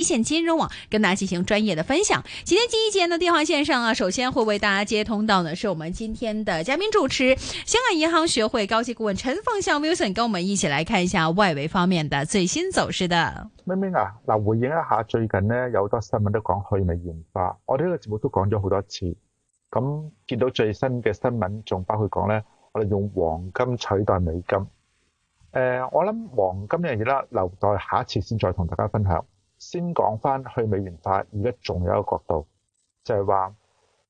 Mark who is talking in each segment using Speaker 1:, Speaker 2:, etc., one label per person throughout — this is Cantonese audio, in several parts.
Speaker 1: 一線金融網跟大家進行專業的分享。今天第一節呢電話線上啊，首先會為大家接通到呢，是我們今天的嘉賓主持，香港銀行學會高級顧問陳鳳翔 Wilson，跟我們一起來看一下外圍方面的最新走勢的。明明啊，
Speaker 2: 嗱，回應一下最近呢，有好多新聞都講去美元化，我哋呢個節目都講咗好多次。咁見到最新嘅新聞，仲包括講呢，我哋用黃金取代美金。誒、呃，我諗黃金呢樣嘢啦，留待下一次先再同大家分享。先講翻去美元化，而家仲有一個角度就係話，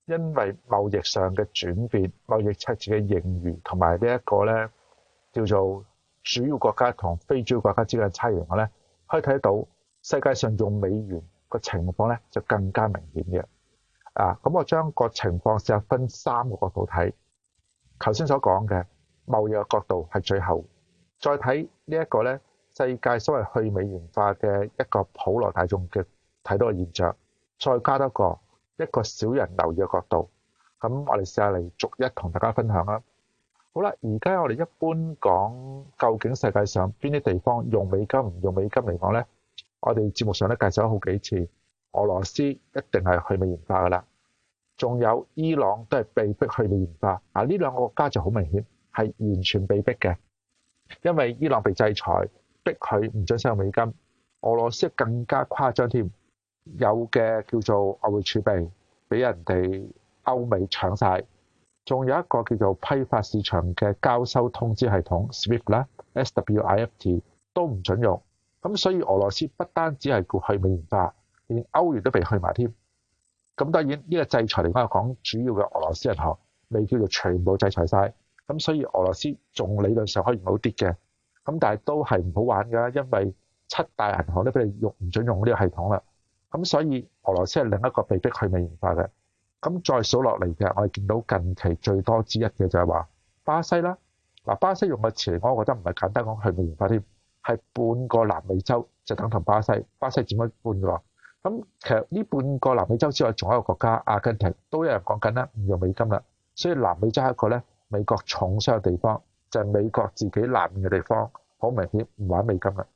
Speaker 2: 因為貿易上嘅轉變、貿易赤字嘅盈餘同埋呢一個咧叫做主要國家同非主要國家之間嘅差異嘅話咧，可以睇得到世界上用美元個情況咧就更加明顯嘅。啊，咁我將個情況試下分三個角度睇。頭先所講嘅貿易嘅角度係最後，再睇呢一個咧。世界所謂去美元化嘅一個普羅大眾嘅睇到嘅現象，再加多個一個少人留意嘅角度，咁我哋試下嚟逐一同大家分享啦。好啦，而家我哋一般講究竟世界上邊啲地方用美金唔用美金嚟講呢？我哋節目上咧介紹咗好幾次，俄羅斯一定係去美元化噶啦，仲有伊朗都係被逼去美元化啊！呢兩個國家就好明顯係完全被逼嘅，因為伊朗被制裁。逼佢唔準使用美金，俄羅斯更加誇張添，有嘅叫做外匯儲備俾人哋歐美搶曬，仲有一個叫做批發市場嘅交收通知系統 SWIFT 都唔準用，咁所以俄羅斯不單止係去美元化，連歐元都被去埋添。咁當然呢個制裁嚟講，主要嘅俄羅斯銀行未叫做全部制裁曬，咁所以俄羅斯仲理論上可以好啲嘅。咁但係都係唔好玩㗎，因為七大銀行都俾你用唔準用呢個系統啦。咁所以俄羅斯係另一個被迫去美元化嘅。咁再數落嚟嘅，我哋見到近期最多之一嘅就係話巴西啦。嗱，巴西用嘅詞，我覺得唔係簡單講去美元化添，係半個南美洲就等同巴西。巴西佔咗半個。咁其實呢半個南美洲之外，仲有一個國家阿根廷，都有人講緊啦，唔用美金啦。所以南美洲係一個咧美國重傷嘅地方。就係美國自己南面嘅地方，好明顯唔玩美金啦。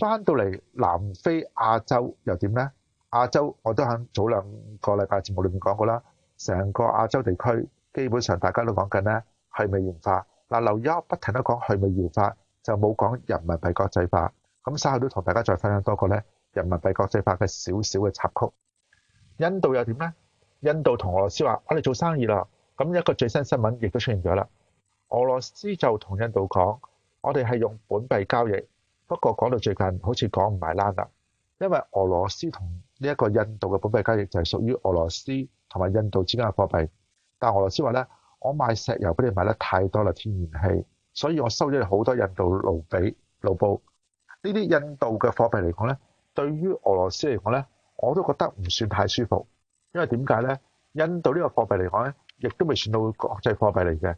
Speaker 2: 翻到嚟南非、亞洲又點呢？亞洲我都喺早兩個禮拜節目裏面講過啦。成個亞洲地區基本上大家都講緊呢係美元化嗱。留意不停都講去美元化，就冇講人民幣國際化。咁稍後都同大家再分享多個呢人民幣國際化嘅小小嘅插曲。印度又點呢？印度同俄羅斯話我哋做生意啦。咁一個最新新聞亦都出現咗啦。俄羅斯就同印度講，我哋係用本幣交易。不過講到最近，好似講唔埋啦啦，因為俄羅斯同呢一個印度嘅本幣交易就係屬於俄羅斯同埋印度之間嘅貨幣。但俄羅斯話呢，我賣石油俾你買得太多啦，天然氣，所以我收咗好多印度盧比盧布。呢啲印度嘅貨幣嚟講呢，對於俄羅斯嚟講呢，我都覺得唔算太舒服，因為點解呢？印度呢個貨幣嚟講呢，亦都未算到國際貨幣嚟嘅。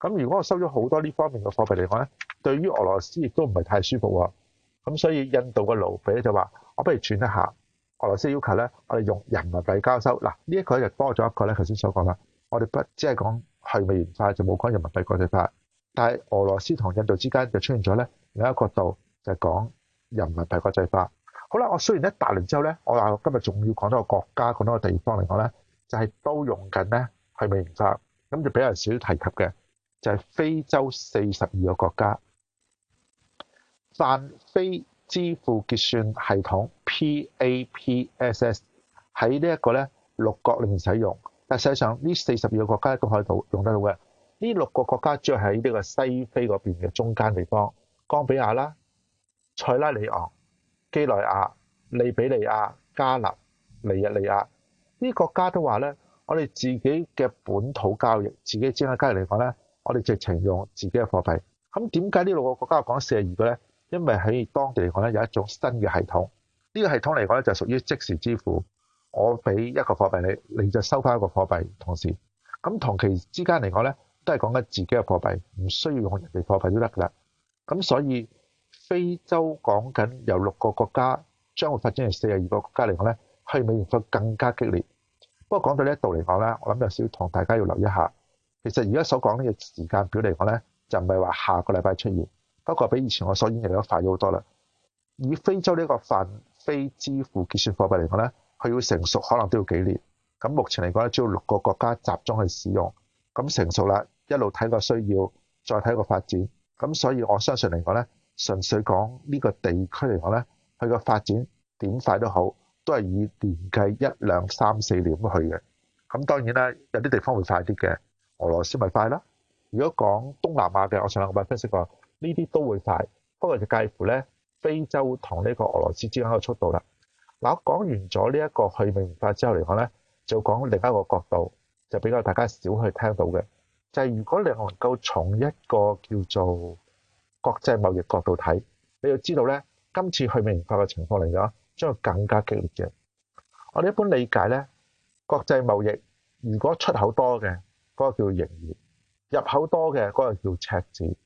Speaker 2: 咁如果我收咗好多呢方面嘅貨幣嚟講咧，對於俄羅斯亦都唔係太舒服喎、啊。咁所以印度嘅盧比咧就話：我不如轉一下俄羅斯要求咧，我哋用人民幣交收嗱。呢、這個、一個咧就多咗一個咧，頭先所講啦。我哋不只係講去美元化，就冇講人民幣國際化。但係俄羅斯同印度之間就出現咗咧另一個角度，就係講人民幣國際化。好啦，我雖然咧達聯之後咧，我話今日仲要講多個國家、講多個地方嚟講咧，就係、是、都用緊咧去美元化，咁就比較少提及嘅。就係非洲四十二個國家，泛非支付結算系統 （PAPSS） 喺呢一個咧六國裏面使用，但實際上呢四十二個國家都可以用得到嘅。呢六個國家，主要喺呢個西非嗰邊嘅中間地方，岡比亞啦、塞拉利昂、幾內亞、利比里亞、加納、尼日利亞呢啲國家都話咧，我哋自己嘅本土交易，自己之間交易嚟講咧。我哋直情用自己嘅貨幣，咁點解呢六個國家講四十二個呢？因為喺當地嚟講咧，有一種新嘅系統。呢個系統嚟講咧，就屬於即時支付。我俾一個貨幣你，你就收翻一個貨幣，同時咁同期之間嚟講呢，都係講緊自己嘅貨幣，唔需要用人哋貨幣都得噶啦。咁所以非洲講緊由六個國家將會發展成四十二個國家嚟講呢，去美元化更加激烈。不過講到呢一度嚟講呢，我諗有少少同大家要留意一下。其實而家所講呢個時間表嚟講呢，就唔係話下個禮拜出現，不過比以前我所演繹都快咗好多啦。以非洲呢個泛非支付結算貨幣嚟講呢，佢要成熟可能都要幾年。咁目前嚟講呢，只有六個國家集中去使用。咁成熟啦，一路睇個需要，再睇個發展。咁所以我相信嚟講呢，純粹講呢個地區嚟講呢，佢個發展點快都好，都係以年計一兩三四年去嘅。咁當然啦，有啲地方會快啲嘅。俄羅斯咪快啦？如果講東南亞嘅，我上兩個 part 分析過，呢啲都會快，不過就介乎咧非洲同呢個俄羅斯之間嘅速度啦。嗱，我講完咗呢一個去美元化之後嚟講咧，就講另一個角度，就比較大家少去聽到嘅，就係如果你能夠從一個叫做國際貿易角度睇，你要知道咧，今次去美元化嘅情況嚟講，將會更加激烈嘅。我哋一般理解咧，國際貿易如果出口多嘅，嗰個叫營業，入口多嘅嗰個叫赤字。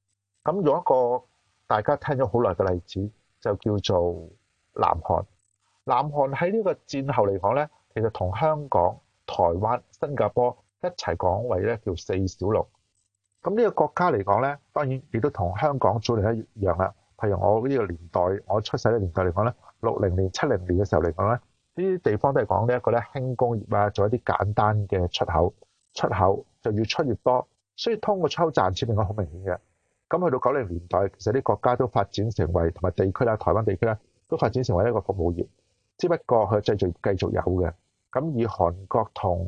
Speaker 2: 咁用一個大家聽咗好耐嘅例子，就叫做南韓。南韓喺呢個戰後嚟講呢，其實同香港、台灣、新加坡一齊講位咧叫四小龍。咁呢個國家嚟講呢，當然亦都同香港早年一樣啦。譬如我呢個年代，我出世嘅年代嚟講呢，六零年、七零年嘅時候嚟講呢，呢啲地方都係講呢一個呢輕工業啊，做一啲簡單嘅出口。出口就越出越多，所以通過出口賺錢嚟講好明顯嘅。咁去到九零年代，其實啲國家都發展成為同埋地區啦，台灣地區咧都發展成為一個服務業，只不過佢製造業繼續有嘅。咁以韓國同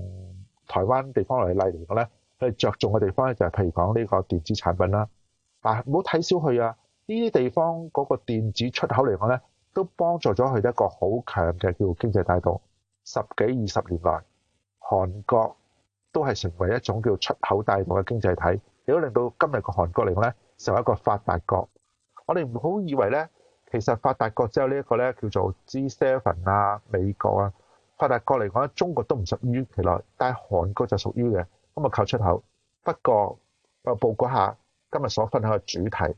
Speaker 2: 台灣地方為例嚟講咧，佢着重嘅地方咧就係譬如講呢個電子產品啦。但係唔好睇小佢啊，呢啲地方嗰個電子出口嚟講咧，都幫助咗佢一個好強嘅叫經濟帶動。十幾二十年來，韓國，都係成為一種叫出口大國嘅經濟體，亦都令到今日嘅韓國嚟講咧，成為一個發達國。我哋唔好以為咧，其實發達國之後呢一個咧，叫做 G Seven 啊、美國啊。發達國嚟講，中國都唔屬於其內，但係韓國就屬於嘅。咁啊，靠出口。不過啊，我報告下今日所分享嘅主題，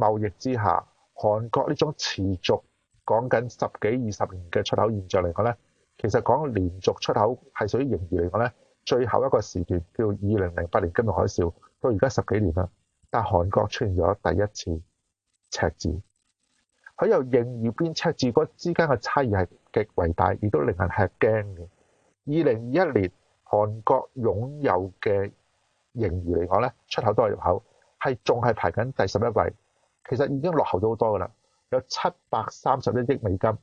Speaker 2: 貿易之下韓國呢種持續講緊十幾二十年嘅出口現象嚟講咧，其實講緊連續出口係屬於盈餘嚟講咧。最後一個時段叫二零零八年金融海嘯，到而家十幾年啦。但韓國出現咗第一次赤字，佢由盈餘變赤字，嗰之間嘅差異係極為大，亦都令人係驚嘅。二零二一年韓國擁有嘅盈餘嚟講咧，出口多過入口，係仲係排緊第十一位。其實已經落後咗好多噶啦，有七百三十一億美金。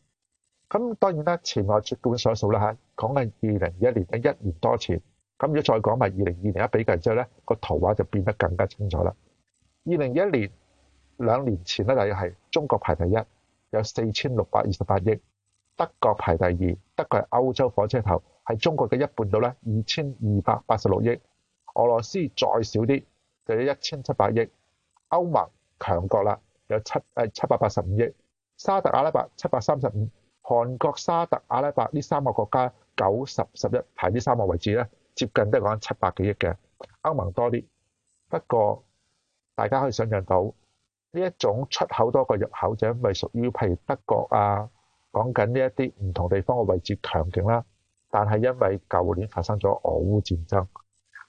Speaker 2: 咁當然啦，前年出所數啦嚇，講緊二零二一年嘅一年多前。咁要再講埋二零二零一比較之後，呢個圖畫就變得更加清楚啦。二零一年兩年前咧，就係中國排第一，有四千六百二十八億；德國排第二，德國係歐洲火車頭，係中國嘅一半度呢，二千二百八十六億；俄羅斯再少啲，就有一千七百億；歐盟強國啦，有七誒七百八十五億；沙特阿拉伯七百三十五；韓國、沙特、阿拉伯呢三個國家九十十一排呢三個位置呢。接近都係講七百幾億嘅歐盟多啲，不過大家可以想象到呢一種出口多過入口，就因為屬於譬如德國啊，講緊呢一啲唔同地方嘅位置強勁啦。但係因為舊年發生咗俄烏戰爭，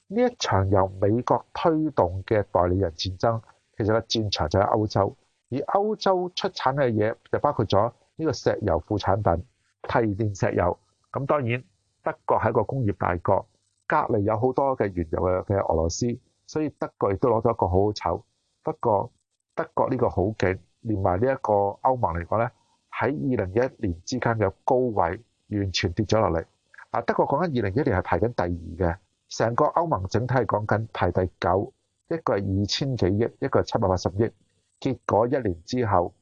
Speaker 2: 呢一場由美國推動嘅代理人戰爭，其實個戰場就喺歐洲，而歐洲出產嘅嘢就包括咗呢個石油副產品，譬如電石油。咁當然德國係一個工業大國。隔籬有好多嘅原油嘅嘅俄羅斯，所以德國亦都攞咗一個好好醜。不過德國呢個好勁，連埋呢一個歐盟嚟講呢，喺二零一一年之間嘅高位完全跌咗落嚟。啊，德國講緊二零一一年係排緊第二嘅，成個歐盟整體係講緊排第九。一個係二千幾億，一個係七百八十億。結果一年之後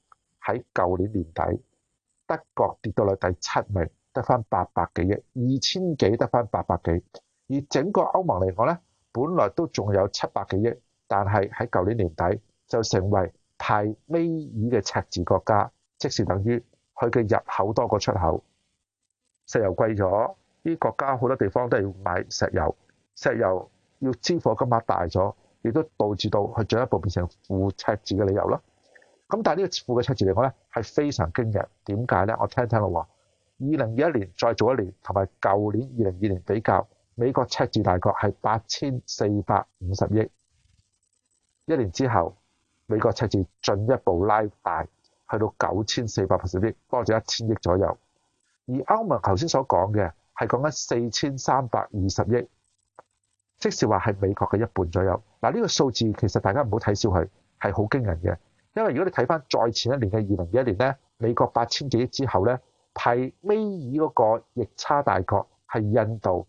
Speaker 2: 喺舊年年底，德國跌到嚟第七名，得返八百幾億，二千幾得返八百幾。而整個歐盟嚟講呢，本來都仲有七百幾億，但係喺舊年年底就成為排尾二嘅赤字國家，即是等於佢嘅入口多過出口。石油貴咗，啲國家好多地方都要買石油，石油要支付金額大咗，亦都導致到佢進一步變成負赤字嘅理由咯。咁但係呢個負嘅赤字嚟講呢，係非常驚人。點解呢？我聽聽啦喎，二零二一年再做一年，同埋舊年二零二年比較。美國赤字大國係八千四百五十億，一年之後美國赤字進一步拉大，去到九千四百五十億，多咗一千億左右。而歐盟頭先所講嘅係講緊四千三百二十億，即是話係美國嘅一半左右。嗱、這、呢個數字其實大家唔好睇小佢，係好驚人嘅，因為如果你睇翻再前一年嘅二零二一年咧，美國八千幾億之後咧，係尾爾嗰個逆差大國係印度。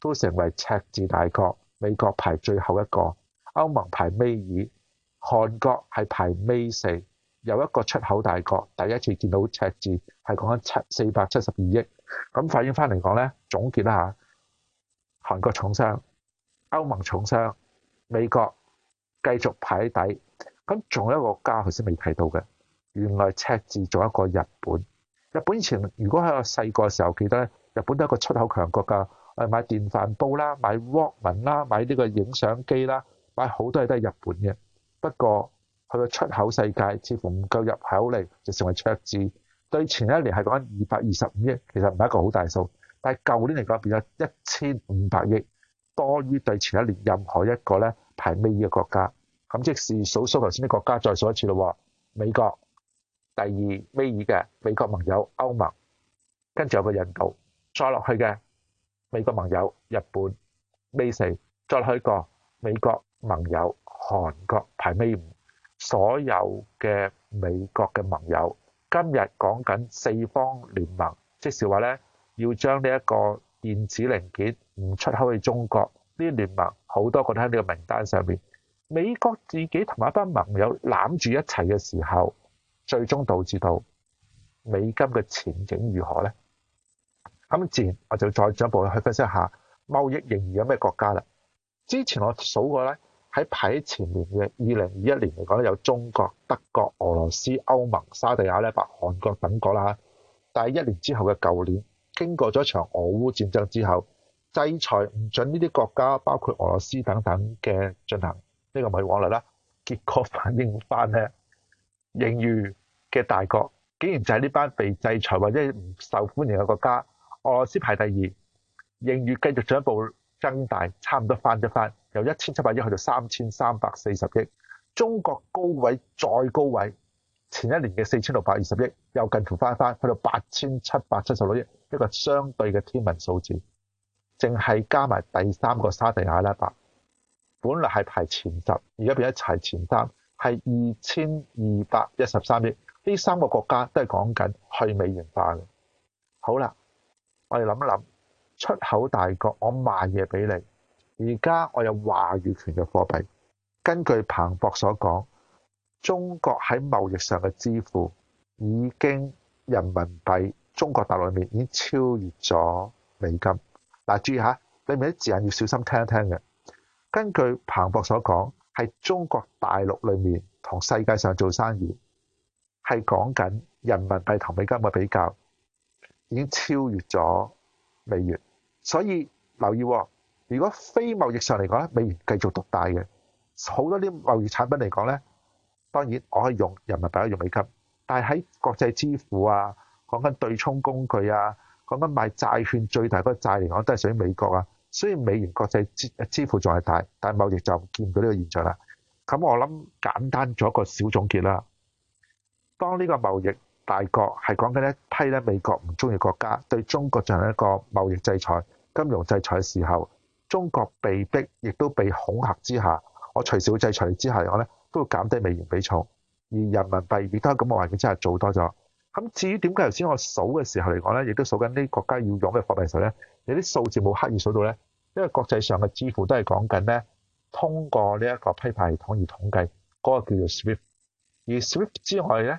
Speaker 2: 都成為赤字大國，美國排最後一個，歐盟排尾二，韓國係排尾四，有一個出口大國第一次見到赤字係講緊七四百七十二億。咁反映翻嚟講呢，總結一下：韓國重傷，歐盟重傷，美國繼續排底。咁仲有一個國家頭先未提到嘅，原來赤字仲有一個日本。日本以前如果喺我細個嘅時候記得呢，日本都係一個出口強國㗎。誒買電飯煲啦，買 Walkman 啦，買呢個影相機啦，買好多嘢都係日本嘅。不過佢嘅出口世界似乎唔夠入口嚟，就成為赤字。對前一年係講緊二百二十五億，其實唔係一個好大數。但係舊年嚟講，變咗一千五百億，多於對前一年任何一個咧排尾嘅國家。咁即是數數頭先啲國家再數一次咯。美國第二尾嘅美國盟友歐盟，跟住有個印度再落去嘅。美國盟友、日本尾四，再去個美國盟友、韓國排尾五，所有嘅美國嘅盟友，今日講緊四方聯盟，即是話咧，要將呢一個電子零件唔出口去中國呢啲聯盟，好多個都喺呢個名單上面。美國自己同一班盟友攬住一齊嘅時候，最終導致到美金嘅前景如何咧？咁自然我就再進一步去分析一下貿易盈餘有咩國家啦。之前我數過咧喺排喺前面嘅二零二一年嚟講有中國、德國、俄羅斯、歐盟、沙地阿拉伯、韓國等國啦。但係一年之後嘅舊年，經過咗場俄烏戰爭之後，制裁唔準呢啲國家，包括俄羅斯等等嘅進行呢個貿易往來啦。結果反映翻咧，盈餘嘅大國竟然就係呢班被制裁或者唔受歡迎嘅國家。俄羅斯排第二，盈餘繼續進一步增大，差唔多翻一翻，由一千七百億去到三千三百四十億。中國高位再高位，前一年嘅四千六百二十億又近乎翻一翻，去到八千七百七十六億，一個相對嘅天文數字。淨係加埋第三個沙地阿拉伯，本來係排前十，而家變咗排前三，係二千二百一十三億。呢三個國家都係講緊去美元化嘅。好啦。我哋諗一諗，出口大國，我賣嘢俾你，而家我有話語權嘅貨幣。根據彭博所講，中國喺貿易上嘅支付已經人民幣中國大陸裏面已經超越咗美金。嗱、啊，注意下，裏面啲字眼要小心聽一聽嘅。根據彭博所講，係中國大陸裏面同世界上做生意，係講緊人民幣同美金嘅比較。已經超越咗美元，所以留意喎、哦。如果非貿易上嚟講咧，美元繼續獨大嘅，好多啲貿易產品嚟講咧，當然我可以用人民幣，可以用美金，但係喺國際支付啊，講緊對沖工具啊，講緊買債券最大個債嚟講，都係屬於美國啊。雖然美元國際支支付仲係大，但係貿易就唔見唔到呢個現象啦。咁我諗簡單做一個小總結啦。當呢個貿易，大國係講緊一批咧，美國唔中意國家對中國進行一個貿易制裁、金融制裁嘅時候，中國被逼亦都被恐嚇之下，我隨時會制裁你之下我呢咧，都要減低美元比重，而人民幣亦都喺咁嘅環境之下做多咗。咁至於點解頭先我數嘅時候嚟講咧，亦都數緊呢國家要用嘅貨幣時候咧，有啲數字冇刻意數到咧，因為國際上嘅支付都係講緊咧，通過呢一個批發系統而統計，嗰個叫做 Swift。而 Swift 之外咧，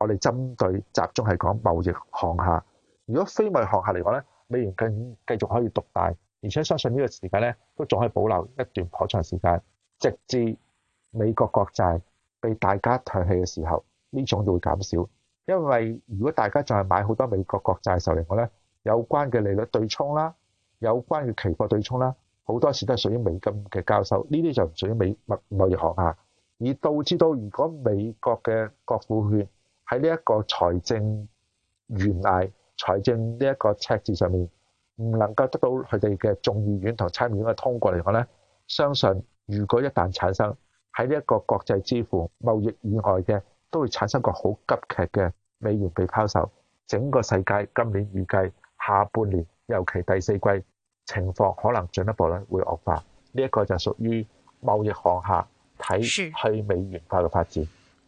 Speaker 2: 我哋針對集中係講貿易項下。如果非貿易項下嚟講咧，美元更繼續可以獨大，而且相信呢個時間咧都仲可以保留一段頗長時間，直至美國國債被大家唾棄嘅時候，呢種就會減少。因為如果大家再係買好多美國國債嘅時候嚟講咧，有關嘅利率對沖啦，有關嘅期貨對沖啦，好多時都係屬於美金嘅交收，呢啲就唔屬於美貿貿易項下，而導致到如果美國嘅國庫券，喺呢一個財政懸崖、財政呢一個赤字上面，唔能夠得到佢哋嘅眾議院同參議院嘅通過嚟講呢，相信如果一旦產生喺呢一個國際支付貿易以外嘅，都會產生一個好急劇嘅美元被拋售，整個世界今年預計下半年，尤其第四季情況可能進一步咧會惡化。呢、這、一個就屬於貿易行下睇去美元化嘅發展。